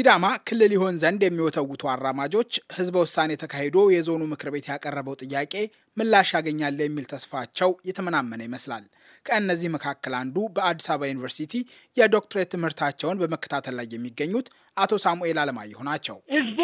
ሲዳማ ክልል ይሆን ዘንድ የሚወተውቱ አራማጆች ህዝበ ውሳኔ ተካሂዶ የዞኑ ምክር ቤት ያቀረበው ጥያቄ ምላሽ ያገኛል የሚል ተስፋቸው የተመናመነ ይመስላል። ከእነዚህ መካከል አንዱ በአዲስ አበባ ዩኒቨርሲቲ የዶክትሬት ትምህርታቸውን በመከታተል ላይ የሚገኙት አቶ ሳሙኤል አለማየሁ ናቸው። ህዝቡ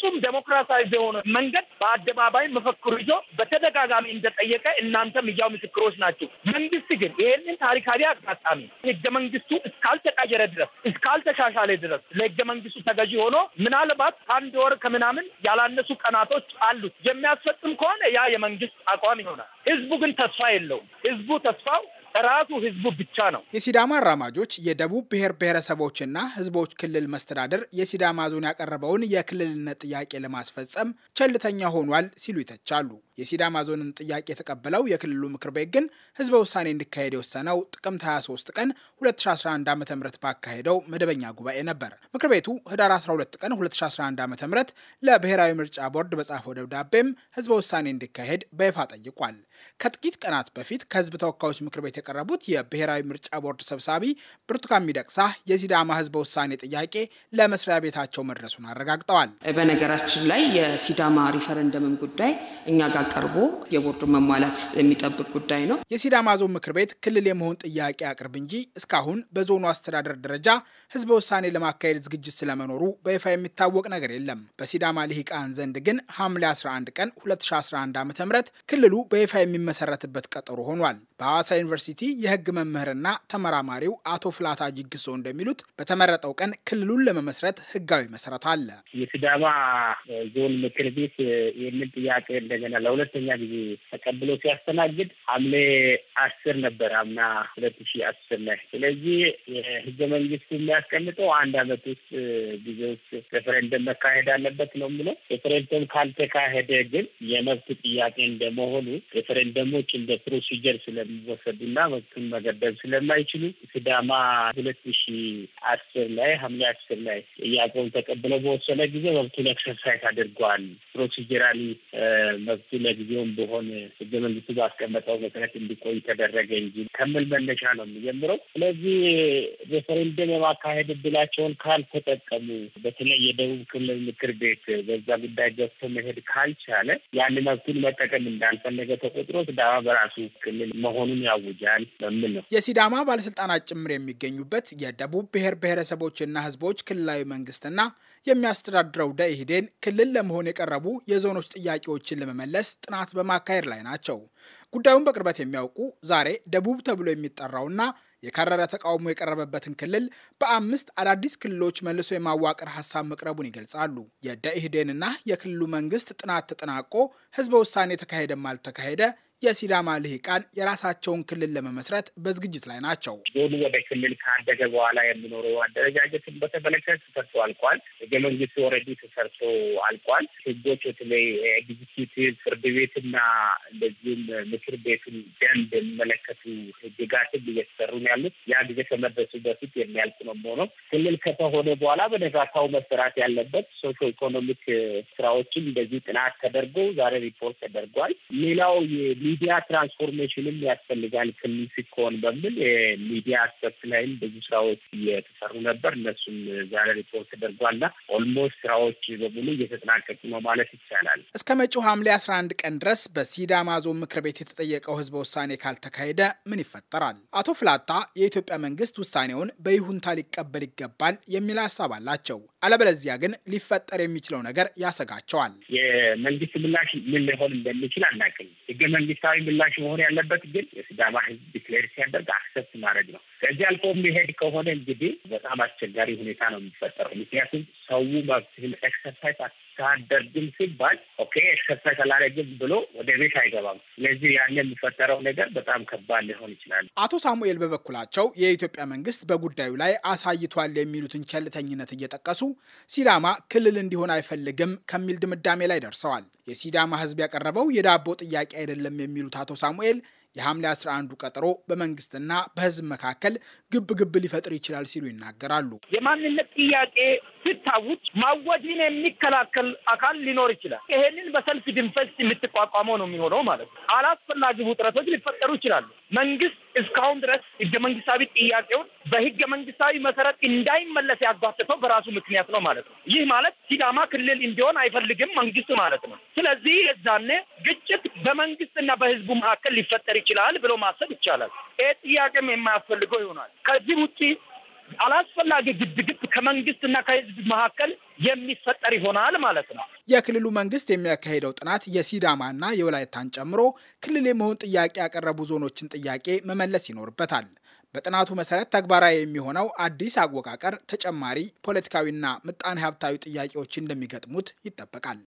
ፍጹም ዴሞክራሲያዊ የሆነ መንገድ በአደባባይ መፈክሩ ይዞ በተደጋጋሚ እንደጠየቀ እናንተም እያው ምስክሮች ናቸው። መንግስት ግን ይህንን ታሪካዊ አጋጣሚ ህገ መንግስቱ እስካልተቀየረ ድረስ እስካልተሻሻለ ድረስ ለህገ መንግስቱ ተገዢ ሆኖ ምናልባት አንድ ወር ከምናምን ያላነሱ ቀናቶች አሉት። የሚያስፈጽም ከሆነ ያ የመንግስት አቋም ይሆናል። ህዝቡ ግን ተስፋ የለውም። ህዝቡ ተስፋው ራሱ ህዝቡ ብቻ ነው። የሲዳማ አራማጆች የደቡብ ብሔር ብሔረሰቦችና ህዝቦች ክልል መስተዳደር የሲዳማ ዞን ያቀረበውን የክልልነት ጥያቄ ለማስፈጸም ቸልተኛ ሆኗል ሲሉ ይተቻሉ። የሲዳማ ዞንን ጥያቄ የተቀበለው የክልሉ ምክር ቤት ግን ህዝበ ውሳኔ እንዲካሄድ የወሰነው ጥቅምት 23 ቀን 2011 ዓ ም ባካሄደው መደበኛ ጉባኤ ነበር። ምክር ቤቱ ህዳር 12 ቀን 2011 ዓ ም ለብሔራዊ ምርጫ ቦርድ በጻፈው ደብዳቤም ህዝበ ውሳኔ እንዲካሄድ በይፋ ጠይቋል። ከጥቂት ቀናት በፊት ከህዝብ ተወካዮች ምክር ቤት የቀረቡት የብሔራዊ ምርጫ ቦርድ ሰብሳቢ ብርቱካን ሚደቅሳ የሲዳማ ህዝበ ውሳኔ ጥያቄ ለመስሪያ ቤታቸው መድረሱን አረጋግጠዋል። በነገራችን ላይ የሲዳማ ሪፈረንደምም ጉዳይ እኛ ጋር ቀርቦ የቦርዱ መሟላት የሚጠብቅ ጉዳይ ነው። የሲዳማ ዞን ምክር ቤት ክልል የመሆን ጥያቄ አቅርብ እንጂ እስካሁን በዞኑ አስተዳደር ደረጃ ህዝበ ውሳኔ ለማካሄድ ዝግጅት ስለመኖሩ በይፋ የሚታወቅ ነገር የለም። በሲዳማ ልሂቃን ዘንድ ግን ሐምሌ 11 ቀን 2011 ዓ ም ክልሉ በይፋ የሚመሰረትበት ቀጠሮ ሆኗል። በሐዋሳ ዩኒቨርሲቲ ዩኒቨርሲቲ የህግ መምህርና ተመራማሪው አቶ ፍላታ ጅግሶ እንደሚሉት በተመረጠው ቀን ክልሉን ለመመስረት ህጋዊ መሰረት አለ። የሲዳማ ዞን ምክር ቤት ይህንን ጥያቄ እንደገና ለሁለተኛ ጊዜ ተቀብሎ ሲያስተናግድ ሐምሌ አስር ነበር አምና ሁለት ሺ አስር ላይ። ስለዚህ የህገ መንግስቱ የሚያስቀምጠው አንድ አመት ውስጥ ጊዜ ውስጥ ሬፈረንደም መካሄድ አለበት ነው የሚለው። ሬፈረንደም ካልተካሄደ ግን የመብት ጥያቄ እንደመሆኑ ሬፈረንደሞች እንደ ፕሮሲጀር ስለሚወሰዱና እና መብቱን መገደብ ስለማይችሉ ሲዳማ ሁለት ሺ አስር ላይ ሐምሌ አስር ላይ ጥያቄውን ተቀብለው በወሰነ ጊዜ መብቱን ኤክሰርሳይዝ አድርጓል ፕሮሲጀራሊ መብቱ ለጊዜውም በሆን ህገ መንግስቱ ባስቀመጠው መሰረት እንዲቆይ ተደረገ እንጂ ከምል መነሻ ነው የሚጀምረው። ስለዚህ ሬፈሬንደም የማካሄድ እድላቸውን ካልተጠቀሙ በተለይ የደቡብ ክልል ምክር ቤት በዛ ጉዳይ ገብቶ መሄድ ካልቻለ ያን መብቱን መጠቀም እንዳልፈለገ ተቆጥሮ ስዳማ በራሱ ክልል መሆኑን ያውጃል። ይሆናል በሚል ነው። የሲዳማ ባለስልጣናት ጭምር የሚገኙበት የደቡብ ብሔር ብሔረሰቦችና ህዝቦች ክልላዊ መንግስትና የሚያስተዳድረው ደኢህዴን ክልል ለመሆን የቀረቡ የዞኖች ጥያቄዎችን ለመመለስ ጥናት በማካሄድ ላይ ናቸው። ጉዳዩን በቅርበት የሚያውቁ ዛሬ ደቡብ ተብሎ የሚጠራውና የከረረ ተቃውሞ የቀረበበትን ክልል በአምስት አዳዲስ ክልሎች መልሶ የማዋቅር ሀሳብ መቅረቡን ይገልጻሉ። የደኢህዴንና የክልሉ መንግስት ጥናት ተጠናቆ ህዝበ ውሳኔ ተካሄደም አልተካሄደ የሲዳማ ልሂቃን የራሳቸውን ክልል ለመመስረት በዝግጅት ላይ ናቸው። ዞኑ ወደ ክልል ካደገ በኋላ የሚኖረው አደረጃጀትን በተመለከተ ተሰርቶ አልቋል። ህገ መንግስት ወረዲ ተሰርቶ አልቋል። ህጎች በተለይ ኤግዚኪቲቭ ፍርድ ቤትና እንደዚሁም ምክር ቤቱን ደንብ የሚመለከቱ ህግጋትን እየተሰሩ ነው ያሉት። ያ ጊዜ ከመድረሱ በፊት የሚያልቅ ነው የሚሆነው። ክልል ከተሆነ በኋላ በነጋታው መሰራት ያለበት ሶሾ ኢኮኖሚክ ስራዎችን እንደዚህ ጥናት ተደርጎ ዛሬ ሪፖርት ተደርጓል። ሌላው ሚዲያ ትራንስፎርሜሽንም ያስፈልጋል ክልል ሲሆን በሚል ሚዲያ አስፔክት ላይም ብዙ ስራዎች እየተሰሩ ነበር። እነሱም ዛሬ ሪፖርት ተደርጓልና ኦልሞስት ስራዎች በሙሉ እየተጠናቀቁ ነው ማለት ይቻላል። እስከ መጪው ሐምሌ አስራ አንድ ቀን ድረስ በሲዳማ ዞን ምክር ቤት የተጠየቀው ህዝበ ውሳኔ ካልተካሄደ ምን ይፈጠራል? አቶ ፍላታ የኢትዮጵያ መንግስት ውሳኔውን በይሁንታ ሊቀበል ይገባል የሚል ሀሳብ አላቸው። አለበለዚያ ግን ሊፈጠር የሚችለው ነገር ያሰጋቸዋል። የመንግስት ምላሽ ምን ሊሆን እንደሚችል አናውቅም። ህገ መንግስት መንግስታዊ ምላሽ መሆን ያለበት ግን የሲዳማ ህዝብ ዲክሌር ሲያደርግ አክሰፕት ማድረግ ነው። ከዚህ አልፎ የሚሄድ ከሆነ እንግዲህ በጣም አስቸጋሪ ሁኔታ ነው የሚፈጠረው። ምክንያቱም ሰው መብትህን ኤክሰርሳይዝ አታደርግም ሲባል ኦኬ ኤክሰርሳይዝ አላደርግም ብሎ ወደ ቤት አይገባም። ስለዚህ ያን የሚፈጠረው ነገር በጣም ከባድ ሊሆን ይችላል። አቶ ሳሙኤል በበኩላቸው የኢትዮጵያ መንግስት በጉዳዩ ላይ አሳይቷል የሚሉትን ቸልተኝነት እየጠቀሱ ሲዳማ ክልል እንዲሆን አይፈልግም ከሚል ድምዳሜ ላይ ደርሰዋል። የሲዳማ ህዝብ ያቀረበው የዳቦ ጥያቄ አይደለም የሚሉት አቶ ሳሙኤል የሐምሌ 11ዱ ቀጠሮ በመንግስትና በህዝብ መካከል ግብ ግብ ሊፈጥር ይችላል ሲሉ ይናገራሉ። የማንነት ጥያቄ ስታውጭ ማወጅን የሚከላከል አካል ሊኖር ይችላል። ይሄንን በሰልፍ ድንፈስ የምትቋቋመው ነው የሚሆነው ማለት ነው። አላስፈላጊ ውጥረቶች ሊፈጠሩ ይችላሉ። መንግስት እስካሁን ድረስ ህገ መንግስታዊ ጥያቄውን በህገ መንግስታዊ መሰረት እንዳይመለስ ያጓተተው በራሱ ምክንያት ነው ማለት ነው። ይህ ማለት ሲዳማ ክልል እንዲሆን አይፈልግም መንግስት ማለት ነው። ስለዚህ የዛኔ ግጭት በመንግስትና በህዝቡ መካከል ሊፈጠር ይችላል ብሎ ማሰብ ይቻላል። ይህ ጥያቄም የማያስፈልገው ይሆናል። ከዚህ ውጭ አላስፈላጊ ግድግድ ከመንግስትና ከህዝብ መካከል የሚፈጠር ይሆናል ማለት ነው። የክልሉ መንግስት የሚያካሄደው ጥናት የሲዳማና የወላይታን ጨምሮ ክልል የመሆን ጥያቄ ያቀረቡ ዞኖችን ጥያቄ መመለስ ይኖርበታል። በጥናቱ መሰረት ተግባራዊ የሚሆነው አዲስ አወቃቀር ተጨማሪ ፖለቲካዊና ምጣኔ ሀብታዊ ጥያቄዎች እንደሚገጥሙት ይጠበቃል።